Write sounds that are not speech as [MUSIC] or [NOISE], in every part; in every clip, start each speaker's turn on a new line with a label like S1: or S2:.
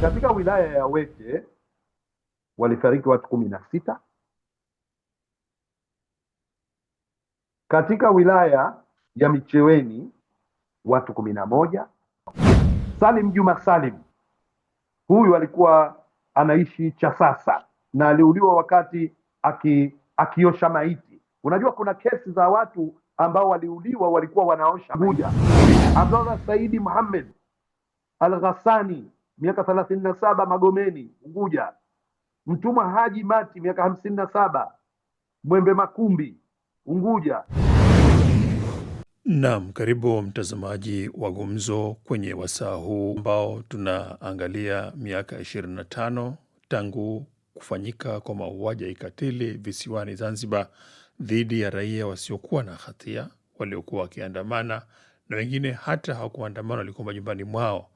S1: Katika wilaya ya Wete walifariki watu kumi na sita. Katika wilaya ya Micheweni watu kumi na moja. Salim Juma Salim huyu alikuwa anaishi Chasasa na aliuliwa wakati aki, akiosha maiti. Unajua kuna kesi za watu ambao waliuliwa walikuwa wanaosha. Abdallah Saidi Muhammad Al-Ghassani miaka thelathini na saba Magomeni Unguja, Mtumwa Haji Mati miaka hamsini na saba Mwembe Makumbi Unguja.
S2: Naam, karibu mtazamaji wa Gumzo kwenye wasaa huu ambao tunaangalia miaka ishirini na tano tangu kufanyika kwa mauaji ya ikatili visiwani Zanzibar dhidi ya raia wasiokuwa na hatia waliokuwa wakiandamana na wengine hata hawakuandamana, walikuwa majumbani mwao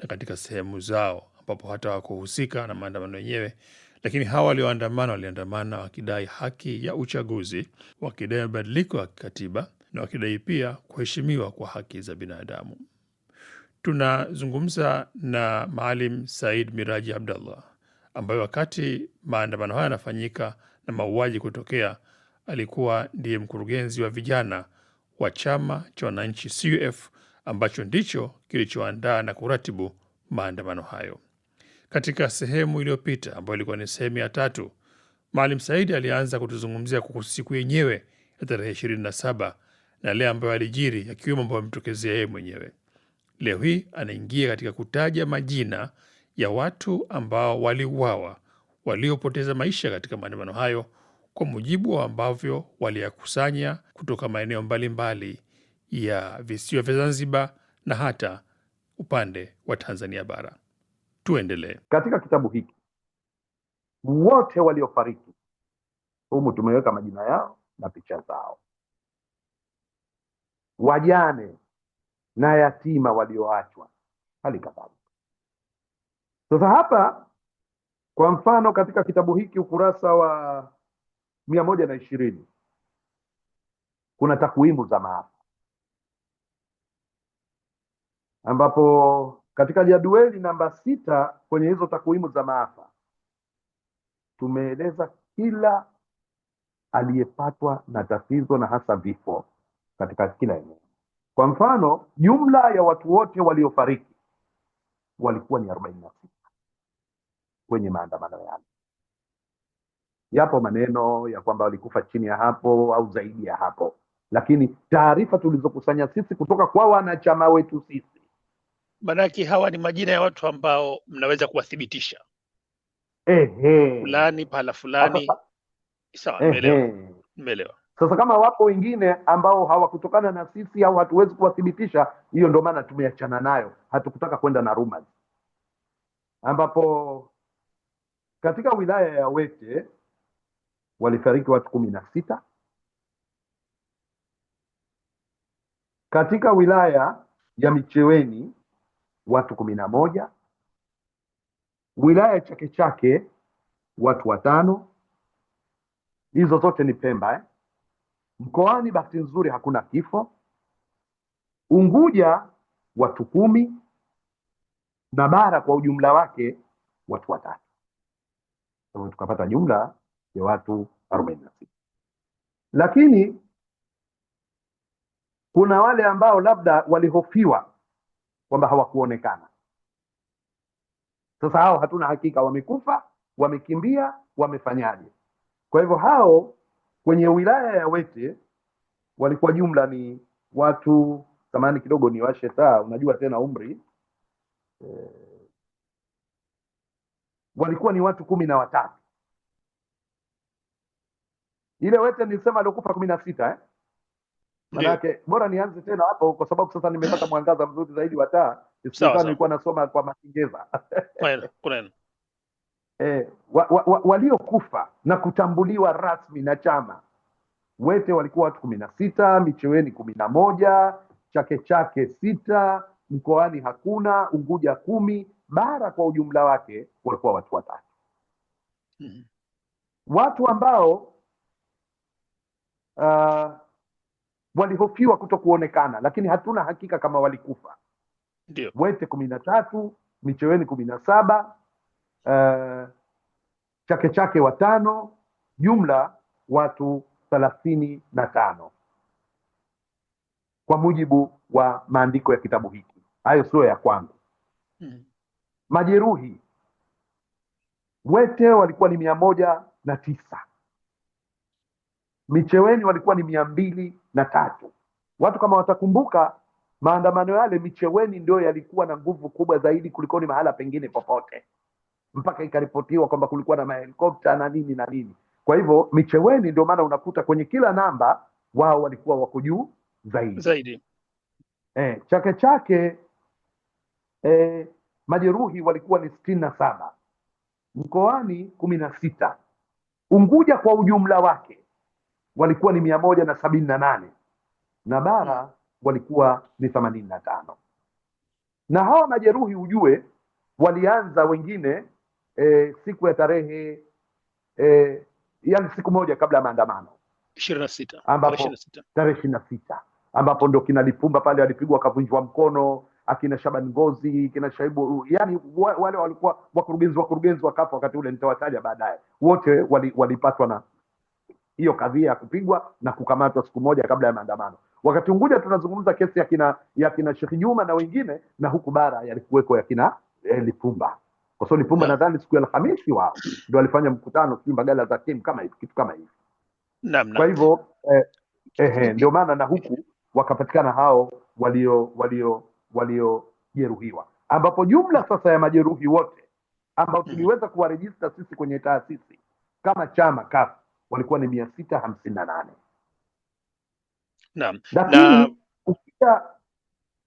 S2: na katika sehemu zao ambapo hata wakohusika na maandamano yenyewe, lakini hawa walioandamana waliandamana wakidai haki ya uchaguzi, wakidai mabadiliko ya kikatiba na wakidai pia kuheshimiwa kwa haki za binadamu. Tunazungumza na Maalim Said Miraji Abdallah ambaye wakati maandamano haya yanafanyika na mauaji kutokea alikuwa ndiye mkurugenzi wa vijana wa chama cha wananchi CUF ambacho ndicho kilichoandaa na kuratibu maandamano hayo. Katika sehemu iliyopita ambayo ilikuwa ni sehemu ya tatu, Maalim Saidi alianza kutuzungumzia kuhusu siku yenyewe ya tarehe ishirini na saba na yale ambayo alijiri, yakiwemo ambayo ametokezea yeye mwenyewe. Leo hii anaingia katika kutaja majina ya watu ambao waliuawa, waliopoteza maisha katika maandamano hayo, kwa mujibu wa ambavyo waliyakusanya kutoka maeneo mbalimbali ya visiwa vya Zanzibar na hata upande wa Tanzania bara. Tuendelee
S1: katika kitabu hiki, wote waliofariki humu tumeweka majina yao na picha zao, wajane na yatima walioachwa hali kadhalika. Sasa hapa kwa mfano, katika kitabu hiki ukurasa wa mia moja na ishirini kuna takwimu za maafa ambapo katika jadueli namba sita kwenye hizo takwimu za maafa tumeeleza kila aliyepatwa na tatizo na hasa vifo katika kila eneo. Kwa mfano, jumla ya watu wote waliofariki walikuwa ni arobaini na sita kwenye maandamano yale. Yapo maneno ya kwamba walikufa chini ya hapo au zaidi ya hapo, lakini taarifa tulizokusanya sisi kutoka kwa wanachama wetu sisi
S3: maanake hawa ni majina ya watu ambao mnaweza kuwathibitisha fulani pala fulani. Sawa,
S1: Sasa kama wapo wengine ambao hawakutokana na sisi au hatuwezi kuwathibitisha, hiyo ndio maana tumeachana nayo, hatukutaka kwenda na rumors, ambapo katika wilaya ya Wete walifariki watu kumi na sita katika wilaya ya Micheweni watu kumi na moja wilaya ya Chake Chake watu watano. Hizo zote ni Pemba eh? Mkoani bahati nzuri hakuna kifo. Unguja watu kumi na bara kwa ujumla wake watu watatu, tukapata jumla ya watu arobaini na sita. Lakini kuna wale ambao labda walihofiwa kwamba hawakuonekana. Sasa hao hatuna hakika wamekufa, wamekimbia, wamefanyaje. Kwa hivyo hao kwenye wilaya ya Wete walikuwa jumla ni watu thamani kidogo, ni washe taa, unajua tena umri eh, walikuwa ni watu kumi na watatu. Ile Wete nilisema aliokufa kumi na sita eh? Manake bora nianze tena hapo kwa sababu sasa nimepata mwangaza mzuri zaidi wa taa. Nilikuwa nasoma kwa Makiingereza e, [LAUGHS] eh, wa, wa, wa, waliokufa na kutambuliwa rasmi na chama Wete walikuwa watu kumi na sita, Micheweni kumi na moja, Chake Chake sita, Mkoani hakuna, Unguja kumi, Bara kwa ujumla wake walikuwa watu watatu. mm -hmm. Watu ambao uh, walihofiwa kuto kuonekana, lakini hatuna hakika kama walikufa. Ndio. Wete kumi na tatu, Micheweni kumi na saba, uh, eh, Chake Chake watano, jumla watu thelathini na tano kwa mujibu wa maandiko ya kitabu hiki. Hayo sio ya kwangu. Hmm. Majeruhi wete walikuwa ni mia moja na tisa Micheweni walikuwa ni mia mbili na tatu. Watu kama watakumbuka maandamano yale Micheweni ndio yalikuwa na nguvu kubwa zaidi kuliko ni mahala pengine popote, mpaka ikaripotiwa kwamba kulikuwa na mahelikopta na nini na nini. Kwa hivyo Micheweni ndio maana unakuta kwenye kila namba wao walikuwa wako juu zaidi zaidi. Eh, Chake Chake eh, majeruhi walikuwa ni sitini na saba, Mkoani kumi na sita, Unguja kwa ujumla wake walikuwa ni mia moja na sabini na nane na bara hmm. walikuwa ni themanini na tano na hawa majeruhi ujue walianza wengine e, siku ya tarehe e, yani siku moja kabla ya maandamano
S3: ishirini na sita
S1: ambapo tarehe ishirini na sita ambapo ndo kina Lipumba pale walipigwa wakavunjwa mkono, akina Shaban Ngozi, kina Shaibu, yani wale walikuwa wakurugenzi wakurugenzi wakafa wakati ule, nitawataja baadaye, wote walipatwa wali na hiyo kadhia ya kupigwa na kukamatwa siku moja kabla ya maandamano. Wakati Unguja tunazungumza kesi ya kina ya kina Sheikh Juma na wengine, na huku bara yalikuweko ya kina eh, Lipumba kwa sababu Lipumba nadhani siku ya Alhamisi wao ndio walifanya mkutano sijui Mbagala za timu kama hivi kitu kama hivi. Naam, kwa hivyo eh, eh, ndio maana na huku wakapatikana hao walio walio waliojeruhiwa, ambapo jumla sasa ya majeruhi wote ambao mm. tuliweza kuwarejista sisi kwenye taasisi kama chama kafu walikuwa ni mia sita hamsini na nane Lakini ukija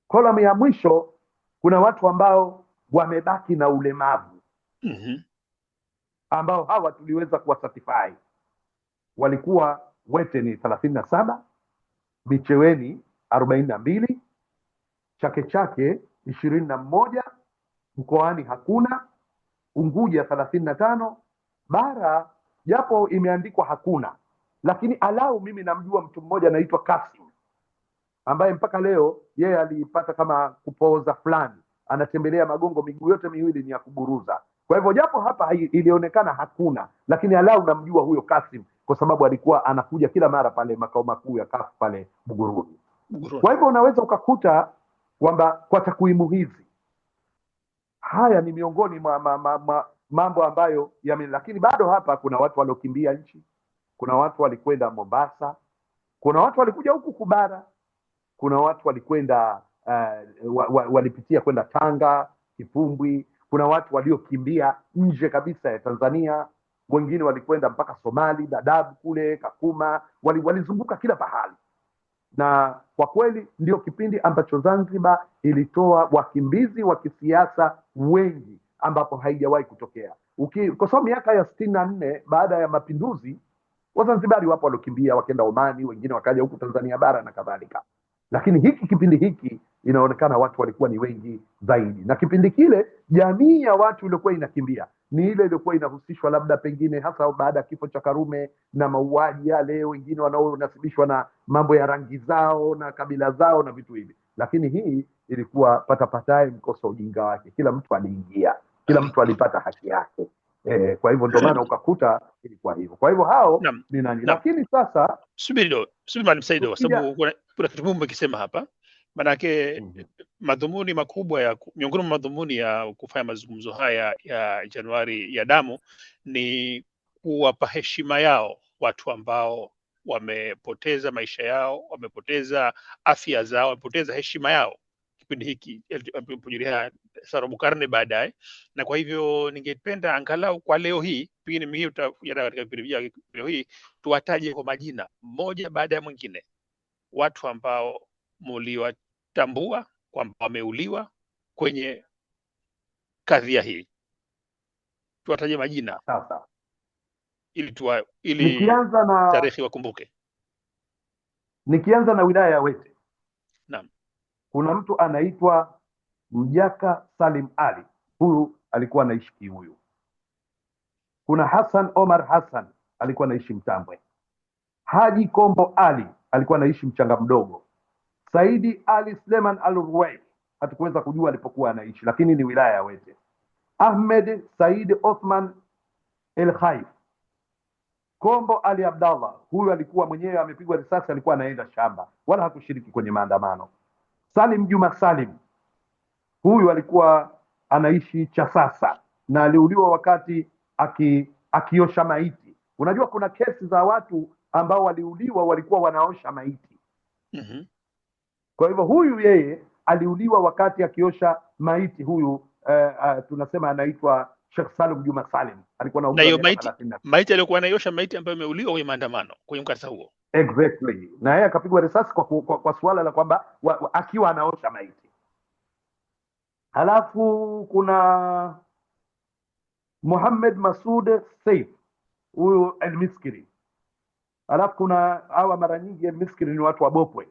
S1: kolamu ya mwisho kuna watu ambao wamebaki na ulemavu mm -hmm. ambao hawa tuliweza kuwasatifai walikuwa Wete ni thelathini na saba, Micheweni arobaini na mbili, Chake Chake ishirini na mmoja, Mkoani hakuna, Unguja thelathini na tano, Bara japo imeandikwa hakuna, lakini alau mimi namjua mtu mmoja anaitwa Kasim ambaye mpaka leo yeye alipata kama kupooza fulani, anatembelea magongo, miguu yote miwili ni ya kuburuza. Kwa hivyo japo hapa ilionekana hakuna, lakini alau namjua huyo Kasim kwa sababu alikuwa anakuja kila mara pale makao makuu ya kafu pale Buguruni. Kwa hivyo unaweza ukakuta kwamba kwa takwimu hizi haya ni miongoni mwa, mwa, mwa, mwa mambo ambayo yame, lakini bado hapa kuna watu waliokimbia nchi, kuna watu walikwenda Mombasa, kuna watu walikuja huku Kubara, kuna watu walikwenda uh, wa, wa, walipitia kwenda Tanga, Kipumbwi, kuna watu waliokimbia nje kabisa ya Tanzania, wengine walikwenda mpaka Somali, Dadaab kule Kakuma, walizunguka wali kila pahali, na kwa kweli ndio kipindi ambacho Zanzibar ilitoa wakimbizi wa kisiasa wengi ambapo haijawahi kutokea Uki, kwa sababu miaka ya sitini na nne baada ya mapinduzi Wazanzibari wapo waliokimbia wakenda Omani, wengine wakaja huku Tanzania bara na kadhalika, lakini hiki kipindi hiki inaonekana watu walikuwa ni wengi zaidi, na kipindi kile jamii ya watu iliokuwa inakimbia ni ile iliyokuwa inahusishwa labda pengine hasa baada ya kifo cha Karume na mauaji yale, wengine wanaonasibishwa na mambo ya rangi zao na kabila zao na vitu hivi, lakini hii ilikuwa patapatae, mkosa ujinga wake, kila mtu aliingia kila mtu alipata haki yake e, kwa hivyo ndio maana ukakuta ilikuwa hivyo. Kwa hivyo hao ni nani,
S3: lakini sasa subiri subiri, kwa sababu kuna kitu muhimu kisema hapa manake mm -hmm. madhumuni makubwa ya miongoni mwa madhumuni ya kufanya mazungumzo haya ya Januari ya damu ni kuwapa heshima yao watu ambao wamepoteza maisha yao, wamepoteza afya zao, wamepoteza heshima yao kipindi hiki jiriha sarobo karne baadaye, na kwa hivyo ningependa angalau kwa leo hii, pengine hii tutaenda katika vipindi vya leo hii, tuwataje kwa majina mmoja baada ya mwingine watu ambao muliwatambua kwamba wameuliwa kwenye kadhia hii, tuwataje majina sasa ili tuwa, ili tarehe wakumbuke.
S1: Nikianza na wilaya ya Wete kuna mtu anaitwa Mjaka Salim Ali, huyu alikuwa anaishi Kiuyu. Kuna Hassan Omar Hassan alikuwa anaishi Mtambwe. Haji Kombo Ali alikuwa anaishi Mchanga Mdogo. Saidi Ali Sleman Al hatukuweza kujua alipokuwa anaishi, lakini ni wilaya ya Wete. Ahmed Said Othman El Khaif. Kombo Ali Abdallah, huyu alikuwa mwenyewe amepigwa risasi, alikuwa anaenda shamba, wala hakushiriki kwenye maandamano. Salim Juma Salim huyu alikuwa anaishi Chasasa na aliuliwa wakati aki, akiosha maiti. Unajua kuna kesi za watu ambao waliuliwa walikuwa wanaosha maiti mm -hmm. Kwa hivyo huyu yeye aliuliwa wakati akiosha maiti huyu, eh, uh, tunasema anaitwa Sheikh Salim Juma Salim alikuwa na
S3: maiti, maiti aliyokuwa anaiosha maiti ambayo ameuliwa kwenye maandamano kwenye mkasa huo
S1: exactly, na yeye akapigwa risasi kwa, kwa, kwa suala la kwamba akiwa anaosha maiti. Halafu kuna muhamed Masud Saif, huyu Elmiskiri. Halafu kuna hawa, mara nyingi Elmiskiri ni watu wabopwe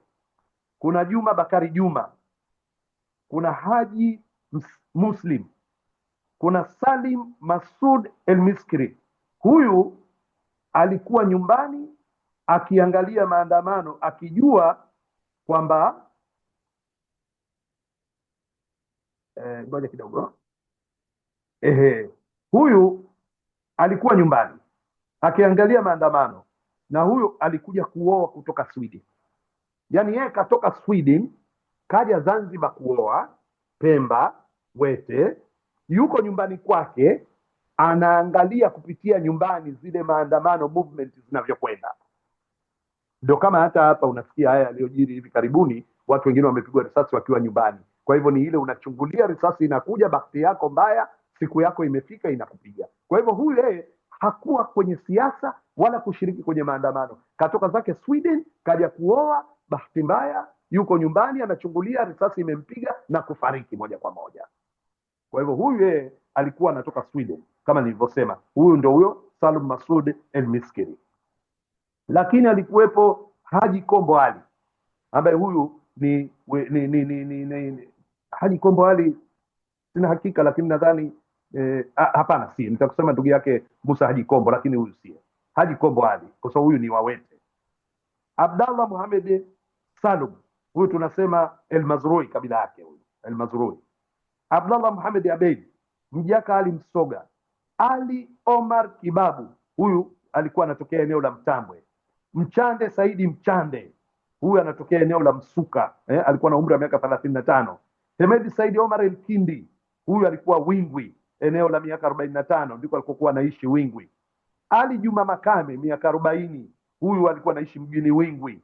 S1: Kuna Juma Bakari Juma, kuna Haji Muslim, kuna Salim Masud Elmiskiri. Huyu alikuwa nyumbani akiangalia maandamano akijua kwamba eh, ngoja eh, kidogo ehe, huyu alikuwa nyumbani akiangalia maandamano na huyu alikuja kuoa kutoka Sweden. Yaani yeye katoka Sweden kaja Zanzibar kuoa Pemba Wete, yuko nyumbani kwake anaangalia kupitia nyumbani zile maandamano movement zinavyokwenda. Ndio kama hata hapa unasikia haya yaliyojiri hivi karibuni, watu wengine wamepigwa risasi wakiwa nyumbani. Kwa hivyo ni ile unachungulia, risasi inakuja, bahati yako mbaya, siku yako imefika, inakupiga. Kwa hivyo huyu yeye hakuwa kwenye siasa wala kushiriki kwenye maandamano, katoka zake Sweden, kaja kuoa, bahati mbaya yuko nyumbani anachungulia, risasi imempiga na kufariki moja kwa moja. Kwa hivyo huyu yeye alikuwa anatoka Sweden kama nilivyosema, huyu ndo huyo Salum Masud El Miskiri lakini alikuwepo Haji Kombo Ali ambaye huyu ni, we, ni, ni, ni, ni, ni ni Haji Kombo Ali sina hakika, lakini nadhani eh, ah, hapana, si nitakusema ndugu yake Musa Haji Kombo, lakini huyu si Haji Kombo Ali kwa sababu huyu ni Wawete. Abdallah Muhamed Salum huyu tunasema Elmazrui, kabila yake huyu Elmazrui. Abdallah Muhamed Abeid Mjaka Ali Msoga, Ali Omar Kibabu huyu alikuwa anatokea eneo la Mtambwe Mchande Saidi Mchande huyu anatokea eneo la Msuka eh, alikuwa na umri wa miaka thelathini na tano. Hemedi Saidi Omar Elkindi huyu alikuwa Wingwi eneo la miaka arobaini na tano ndiko alikokuwa anaishi Wingwi. Ali Juma Makame miaka arobaini huyu alikuwa anaishi mjini Wingwi.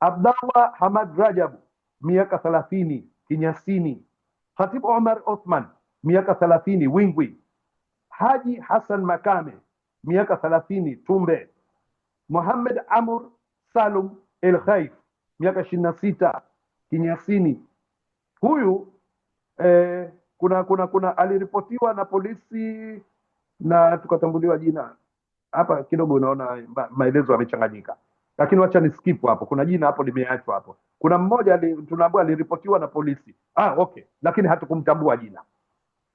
S1: Abdallah Hamad Rajab miaka thelathini Kinyasini. Khatib Omar Othman miaka thelathini Wingwi. Haji Hassan Makame miaka thelathini Tumbe. Mohamed Amur Salum El Khaif miaka ishirini na sita Kinyasini. Huyu eh, kuna kuna kuna aliripotiwa na polisi na tukatambuliwa jina hapa kidogo, unaona maelezo yamechanganyika, lakini wacha ni skip hapo. Kuna jina hapo limeachwa hapo. Kuna mmoja tunaambua aliripotiwa na polisi ah, okay, lakini hatukumtambua jina.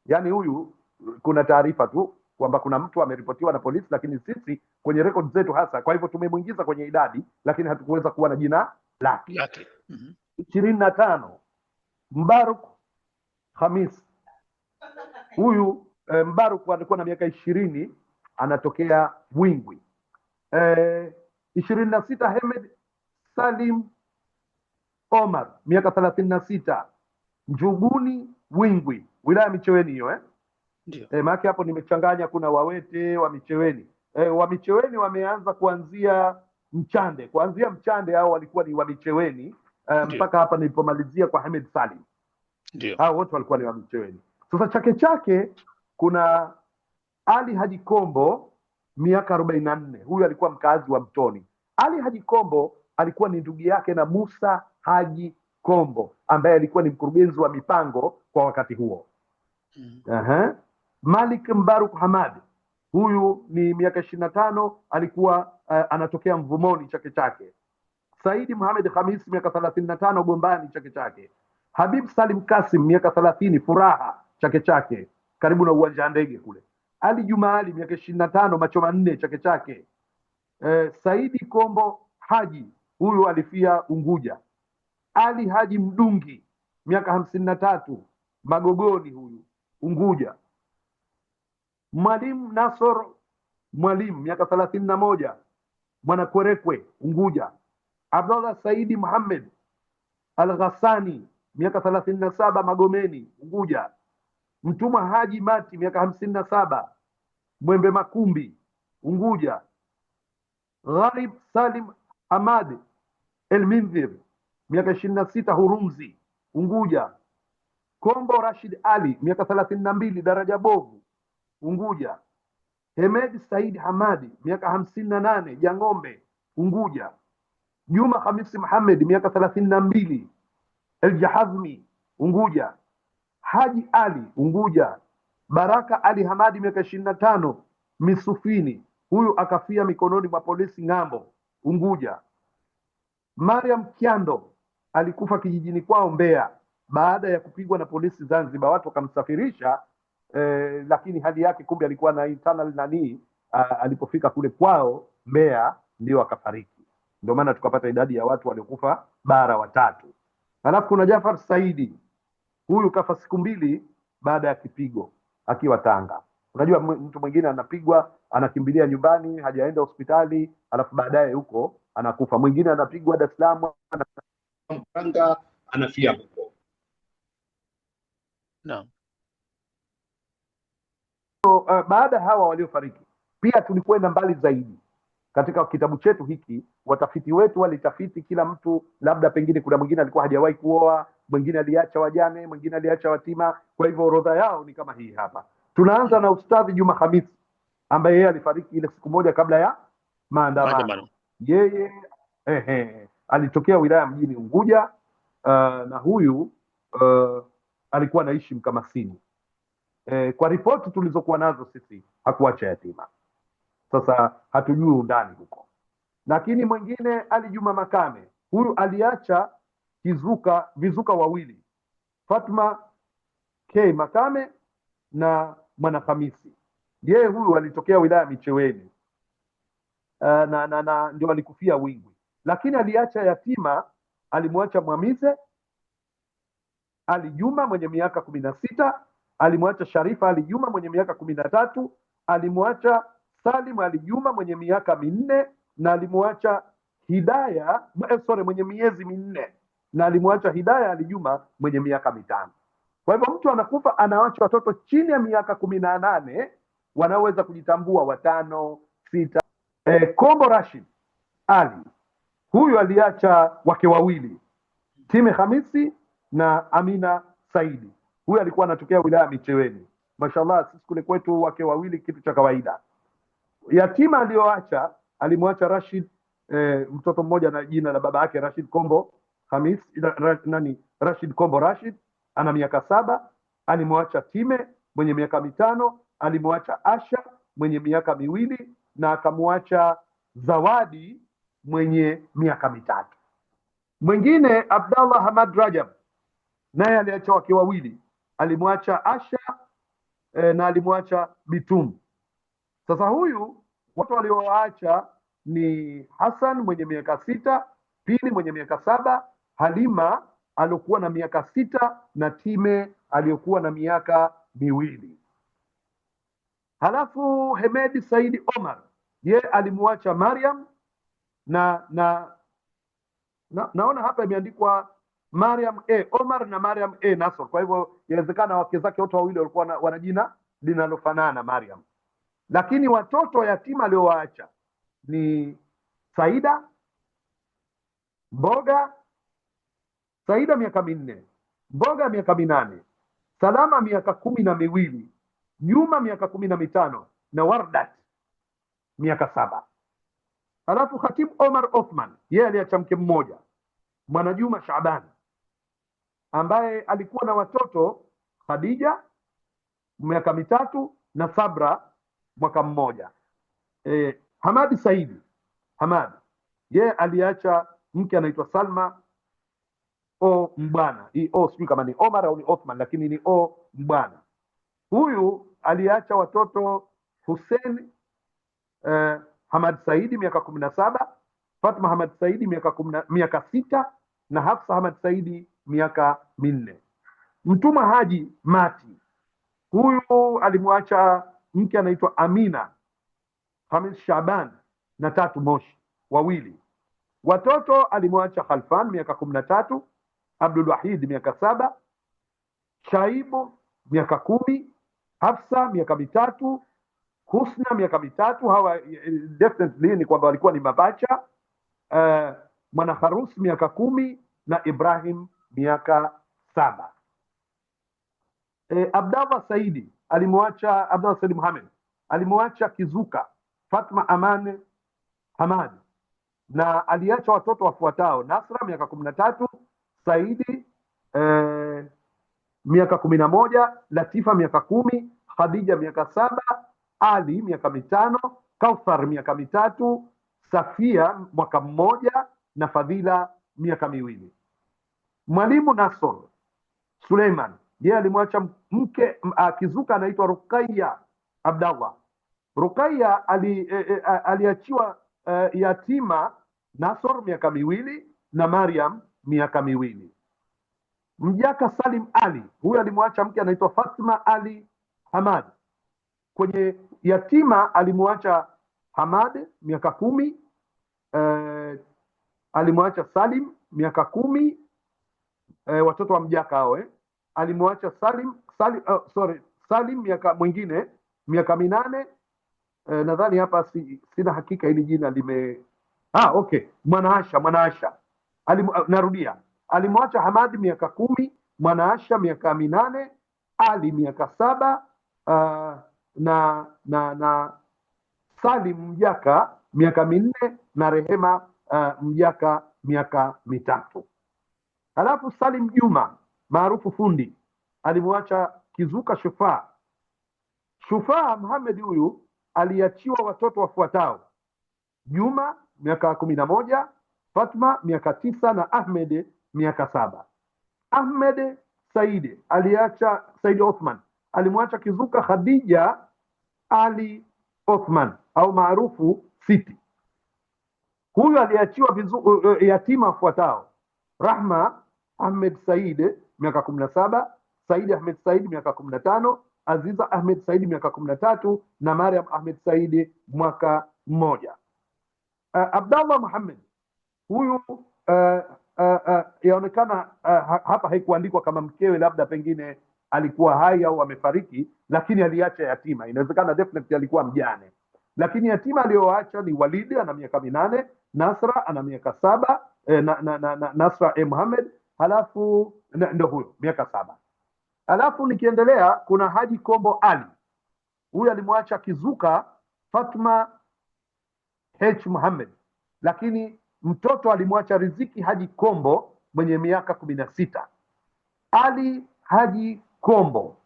S1: Yani huyu kuna taarifa tu kwamba kuna mtu ameripotiwa na polisi, lakini sisi kwenye rekodi zetu hasa, kwa hivyo tumemwingiza kwenye idadi, lakini hatukuweza kuwa na jina
S3: lake. Mhm.
S1: Ishirini na tano Mbaruk Hamis, huyu e, Mbaruk alikuwa na miaka ishirini, anatokea Wingwi. Eh, ishirini na sita Hemed Salim Omar, miaka thelathini na sita, Njuguni Wingwi, wilaya Micheweni hiyo eh? ndio e, hapo nimechanganya, kuna wawete wa Micheweni e, wa Micheweni wameanza kuanzia Mchande, kuanzia Mchande hao walikuwa ni wa Micheweni e, mpaka hapa nilipomalizia kwa Hamed Salim, hao wote walikuwa ni wa Micheweni. Sasa Chake Chake kuna Ali Haji Kombo miaka arobaini na nne, huyu alikuwa mkazi wa Mtoni. Ali Haji Kombo alikuwa ni ndugu yake na Musa Haji Kombo ambaye alikuwa ni mkurugenzi wa mipango kwa wakati huo. mm. uh -huh. Malik Mbaruk Hamad huyu ni miaka ishirini na tano alikuwa uh, anatokea Mvumoni Chake Chake. Saidi Muhamed Khamis miaka thelathini na tano Gombani Chake Chake. Habib Salim Kasim miaka thelathini Furaha Chake Chake karibu na uwanja wa ndege kule. Ali Juma Ali miaka ishirini na tano Machoma Nne Chake Chake. Eh, Saidi Kombo Haji huyu alifia Unguja. Ali Haji Mdungi miaka hamsini na tatu Magogoni huyu Unguja. Mwalimu Nasor Mwalimu, miaka thelathini na moja, Mwanakwerekwe, Unguja. Abdallah Saidi Muhammad Al Ghassani, miaka thelathini na saba, Magomeni, Unguja. Mtumwa Haji Mati, miaka hamsini na saba, Mwembe Makumbi, Unguja. Ghalib Salim Hamad Elmindhir, miaka ishirini na sita, Hurumzi, Unguja. Kombo Rashid Ali, miaka thelathini na mbili, Daraja Bovu, Unguja. Hemed Said Hamadi miaka hamsini na nane Jang'ombe Unguja. Juma Hamisi Mohamed miaka thelathini na mbili Eljahazmi Unguja. Haji Ali Unguja. Baraka Ali Hamadi miaka ishirini na tano Misufini, huyu akafia mikononi mwa polisi ng'ambo Unguja. Mariam Kiando alikufa kijijini kwao Mbeya baada ya kupigwa na polisi Zanzibar, watu wakamsafirisha eh, lakini hali yake kumbe alikuwa na internal nani. alipofika kule kwao Mbeya ndio akafariki, ndio maana tukapata idadi ya watu waliokufa bara watatu. Halafu kuna Jafar Saidi, huyu kafa siku mbili baada ya kipigo akiwa Tanga. Unajua mtu mwingine anapigwa anakimbilia nyumbani, hajaenda hospitali, alafu baadaye huko anakufa. Mwingine anapigwa Dar es Salaam, Tanga, anafia huko. Naam. Uh, baada hawa waliofariki pia tulikwenda mbali zaidi katika kitabu chetu hiki. Watafiti wetu walitafiti kila mtu, labda pengine kuna mwingine alikuwa hajawahi kuoa, mwingine aliacha wajane, mwingine aliacha watima. Kwa hivyo orodha yao ni kama hii hapa. Tunaanza na Ustadhi Juma Hamis ambaye yeye alifariki ile siku moja kabla ya maandamano. Yeye ehe, alitokea wilaya mjini Unguja. Uh, na huyu uh, alikuwa anaishi Mkamasini eh, kwa ripoti tulizokuwa nazo sisi hakuacha yatima. Sasa hatujui undani huko, lakini mwingine Ali Juma Makame, huyu aliacha kizuka vizuka wawili, Fatma K Makame na mwanahamisi Yeye huyu alitokea wilaya Micheweni eh, na, na, na, ndio alikufia Wingwi, lakini aliacha yatima, alimwacha mwamize Ali Juma mwenye miaka kumi na sita alimwacha Sharifa Ali Juma mwenye miaka kumi na tatu, alimwacha Salim Ali Juma mwenye miaka minne na alimwacha Hidaya eh, sorry mwenye miezi minne na alimwacha Hidaya Ali Juma mwenye miaka mitano. Kwa hivyo mtu anakufa anaacha watoto chini ya miaka kumi na nane wanaoweza kujitambua watano sita. Eh, Kombo Rashid Ali huyu aliacha wake wawili Time Hamisi na Amina Saidi. Huyu alikuwa anatokea wilaya Micheweni, mashallah, sisi kule kwetu wake wawili, kitu cha kawaida. Yatima aliyoacha alimwacha Rashid e, mtoto mmoja na jina la baba yake Rashid Kombo Hamis ra, nani Rashid Kombo Rashid ana miaka saba. Alimwacha Time mwenye miaka mitano, alimwacha Asha mwenye miaka miwili na akamwacha Zawadi mwenye miaka mitatu. Mwingine Abdallah Hamad Rajab naye aliacha wake wawili alimwacha Asha e, na alimwacha Bitum. Sasa huyu watu waliowaacha ni Hassan mwenye miaka sita, pili mwenye miaka saba, Halima aliokuwa na miaka sita na Time aliyokuwa na miaka miwili. Halafu Hemedi Saidi Omar ye alimwacha Mariam na, na, na naona hapa imeandikwa Mariam A Omar na Mariam A Nasor. Kwa hivyo inawezekana wake zake wote wawili walikuwa wana jina linalofanana Mariam, lakini watoto yatima aliowaacha ni Saida Mboga, Saida miaka minne, Mboga miaka minane, Salama miaka kumi na miwili, Juma miaka kumi na mitano na Wardat miaka saba. Alafu Khatib Omar Othman yeye aliacha mke mmoja, Mwana Juma Shaabani ambaye alikuwa na watoto Khadija miaka mitatu na Sabra mwaka mmoja. E, Hamadi Saidi Hamadi yeye aliacha mke anaitwa Salma o Mbwana hii o sijui kama ni Omar au ni Othman, lakini ni o Mbwana. Huyu aliacha watoto Hussein eh, Hamad Saidi miaka kumi na saba, Fatma Hamad Saidi miaka miaka sita na Hafsa Hamad Saidi miaka minne. Mtuma Haji Mati huyu alimwacha mke anaitwa Amina Hamis Shaban na Tatu Moshi wawili. Watoto alimwacha Khalfan miaka kumi na tatu, Abdul Wahid miaka saba, Shaibu miaka kumi, Hafsa miaka mitatu, Husna miaka mitatu. Hawa definitely ni kwamba walikuwa ni mabacha. Uh, eh, Mwanaharus miaka kumi na Ibrahim miaka saba. E, Abdallah Saidi alimwacha Abdallah Saidi Mohamed alimwacha kizuka Fatma Aman Hamadi na aliacha watoto wafuatao: Nasra miaka kumi na tatu, Saidi e, miaka kumi na moja, Latifa miaka kumi, Khadija miaka saba, Ali miaka mitano, Kauthar miaka mitatu, Safia mwaka mmoja na Fadhila miaka miwili. Mwalimu nasor Suleiman yeye alimwacha mke akizuka anaitwa Rukaya Abdallah. Rukaya ali, e, e, aliachiwa e, yatima Nasor miaka miwili na Mariam miaka miwili. Mjaka Salim Ali huyu alimwacha mke anaitwa Fatma Ali Hamad. Kwenye yatima alimwacha Hamad miaka kumi, e, alimwacha Salim miaka kumi eh, watoto wa mjaka hao eh. Alimwacha Salim Salim, oh, sorry, Salim miaka mwingine miaka minane eh, nadhani hapa si, sina hakika hili jina lime ah, okay Mwanaasha Mwanaasha Alim, eh, narudia alimwacha Hamadi miaka kumi Mwanaasha miaka minane Ali miaka saba uh, na na na Salim mjaka miaka minne na Rehema uh, mjaka miaka mitatu. Halafu Salim Juma maarufu fundi alimwacha kizuka Shufaa. Shufaa Muhamed huyu aliachiwa watoto wafuatao: Juma miaka kumi na moja, Fatma miaka tisa na Ahmed miaka saba. Ahmed Saidi aliacha Saidi Othman alimwacha kizuka Khadija Ali Othman au maarufu Siti. Huyu aliachiwa vizu, eh, eh, yatima wafuatao: Rahma Ahmed Said miaka kumi na saba, Said Ahmed Said miaka kumi na tano, Aziza Ahmed Said miaka kumi na tatu na Mariam Ahmed Said mwaka mmoja. Uh, Abdallah Muhammad huyu uh, uh, uh, yaonekana uh, hapa haikuandikwa kama mkewe, labda pengine alikuwa hai au amefariki, lakini aliacha yatima. Inawezekana definitely alikuwa mjane, lakini yatima aliyoacha ni walidi ana miaka minane, Nasra ana miaka saba eh, na, na, na, na, Nasra eh, Muhammad halafu ndo huyo miaka saba. Halafu nikiendelea kuna Haji Kombo Ali, huyu alimwacha kizuka Fatma H Muhammad, lakini mtoto alimwacha Riziki Haji Kombo mwenye miaka kumi na sita. Ali Haji Kombo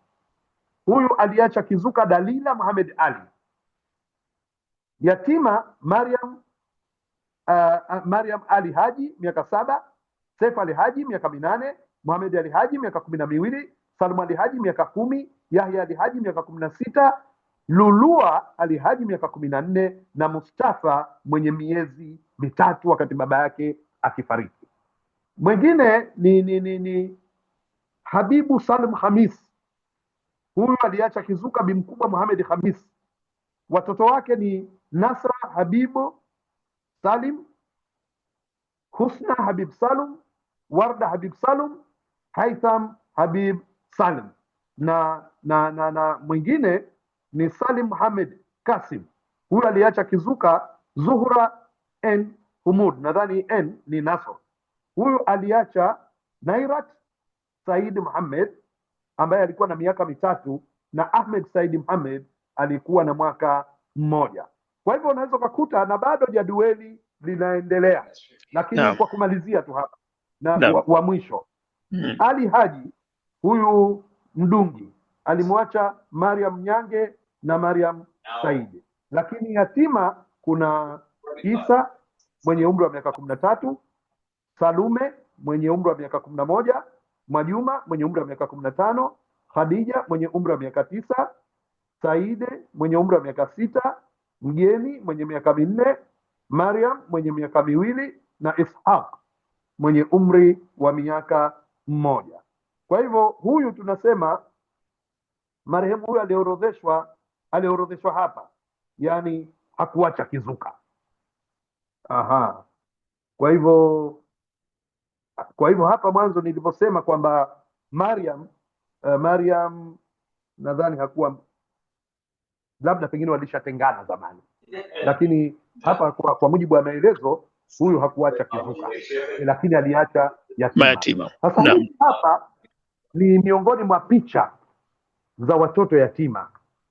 S1: huyu aliacha kizuka Dalila Muhammad Ali, yatima Mariam, uh, uh, Mariam Ali Haji miaka saba Seif alihaji miaka minane, Mohamed alihaji miaka kumi na miwili, Salma alihaji miaka kumi, Yahya alihaji miaka kumi na sita, Lulua alihaji miaka kumi na nne na Mustafa mwenye miezi mitatu wakati baba yake akifariki. Mwingine ni, ni, ni, ni Habibu Salim Hamis, huyu aliacha kizuka bi mkubwa Hamis. Watoto wake ni Nasra Habibu Salim, Husna Habib Salum Warda Habib Salum, Haitham Habib Salim na na, na na mwingine ni Salim Mohamed Kasim, huyu aliacha kizuka Zuhura N Humud, nadhani N ni Nasr. Huyu aliacha Nairat Said Mohamed ambaye alikuwa na miaka mitatu na Ahmed Said Mohamed alikuwa na mwaka mmoja. Kwa hivyo unaweza ukakuta na bado jadueli linaendelea, lakini no. kwa kumalizia tu hapa na no. wa, wa mwisho mm. Ali Haji huyu mdungi alimwacha Mariam Nyange na Mariam no. Saidi, lakini yatima kuna Isa mwenye umri wa miaka kumi na tatu, Salume mwenye umri wa miaka kumi na moja, Mwajuma mwenye umri wa miaka kumi na tano, Khadija mwenye umri wa miaka tisa, Saide mwenye umri wa miaka sita, mgeni mwenye miaka minne, Mariam mwenye miaka miwili na Ishaq mwenye umri wa miaka mmoja. Kwa hivyo huyu tunasema marehemu huyu aliorodheshwa, aliorodheshwa hapa, yaani hakuacha kizuka. Aha, kwa hivyo kwa hivyo hapa mwanzo niliposema kwamba Mariam uh, Mariam nadhani hakuwa labda pengine walishatengana zamani, eh, eh. lakini hapa kwa, kwa mujibu wa maelezo huyu hakuacha kizuka, lakini aliacha
S3: yatima.
S1: Sasa no. hii hapa ni miongoni mwa picha za watoto yatima,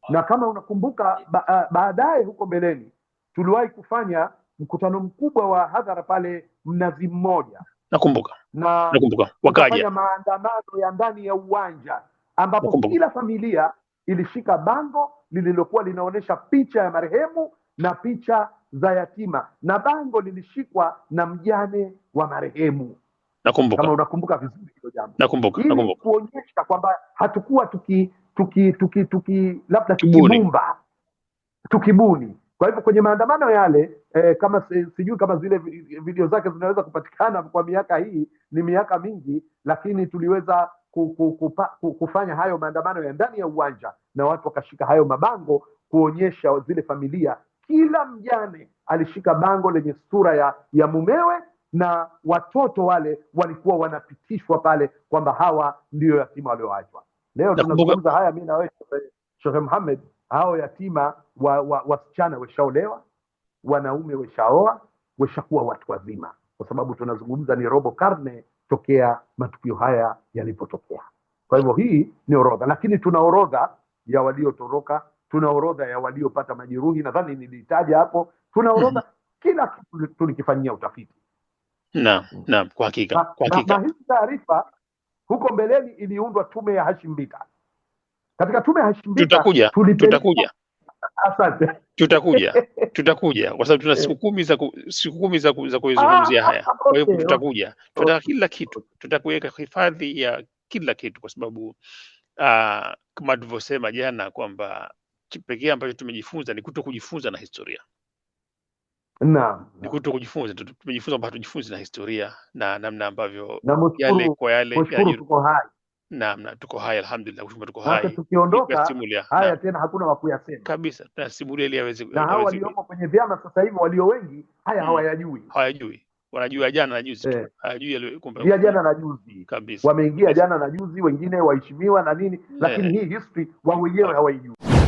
S1: na kama unakumbuka ba eh, baadaye huko mbeleni tuliwahi kufanya mkutano mkubwa wa hadhara pale Mnazi Mmoja, nakumbuka na nakumbuka, wakaja maandamano ya ndani ya uwanja ambapo nakumbuka. kila familia ilishika bango lililokuwa linaonyesha picha ya marehemu na picha za yatima, na bango lilishikwa na mjane wa marehemu. Nakumbuka, kama unakumbuka vizuri hilo jambo, nakumbuka, nakumbuka, kuonyesha kwamba hatukuwa tuki tuki tuki tuki labda tukibumba tukibuni. Kwa hivyo kwenye maandamano yale eh, kama sijui kama zile video zake zinaweza kupatikana [LAUGHS] kwa miaka hii, ni miaka mingi, lakini tuliweza kufanya hayo maandamano ya ndani ya uwanja na watu wakashika hayo mabango kuonyesha zile familia kila mjane alishika bango lenye sura ya, ya mumewe na watoto wale walikuwa wanapitishwa pale kwamba hawa ndiyo yatima walioachwa. Leo tunazungumza haya mi nawe Shehe Muhammad, hao yatima wasichana wa, wa weshaolewa, wanaume weshaoa, weshakuwa watu wazima, kwa sababu tunazungumza ni robo karne tokea matukio haya yalipotokea. Kwa hivyo hii ni orodha, lakini tuna orodha ya waliotoroka tuna orodha ya waliopata majeruhi, nadhani nilitaja hapo. Tuna orodha hmm. Kila kitu tulikifanyia utafiti
S3: na, na, kwa hakika kwa
S1: hakika na, na hizi taarifa huko mbeleni iliundwa tume ya Hashim Mbita. Katika tume ya Hashim Mbita
S3: tutakuja tutakuja asante tutakuja [LAUGHS] tutakuja kwa sababu tuna eh. siku kumi za ku, siku kumi za za kuzungumzia ah, haya. Kwa hiyo tutakuja, tutataka kila kitu, tutakuweka hifadhi ya kila kitu, kwa sababu uh, kama tulivyosema jana kwamba pekee ambacho tumejifunza ni kuto kujifunza na historia. na, na. kuto kujifunza, tumejifunza kwamba hatujifunzi na historia na namna ambavyo
S1: na yale kwa yale tuko hai.
S3: Naam, na tuko hai alhamdulillah, kushukuru tuko hai.
S1: Tukiondoka haya tena hakuna wa kuyasema
S3: kabisa, tunasimulia ili aweze
S1: na hao walioko kwenye vyama sasa hivi walio wengi haya hmm. hawayajui,
S3: hawayajui wanajua jana na juzi eh, hawajui kumbe
S1: ya jana na juzi kabisa. Wameingia jana na juzi, wengine waheshimiwa na nini, lakini eh. hii history wao wenyewe eh. hawaijui.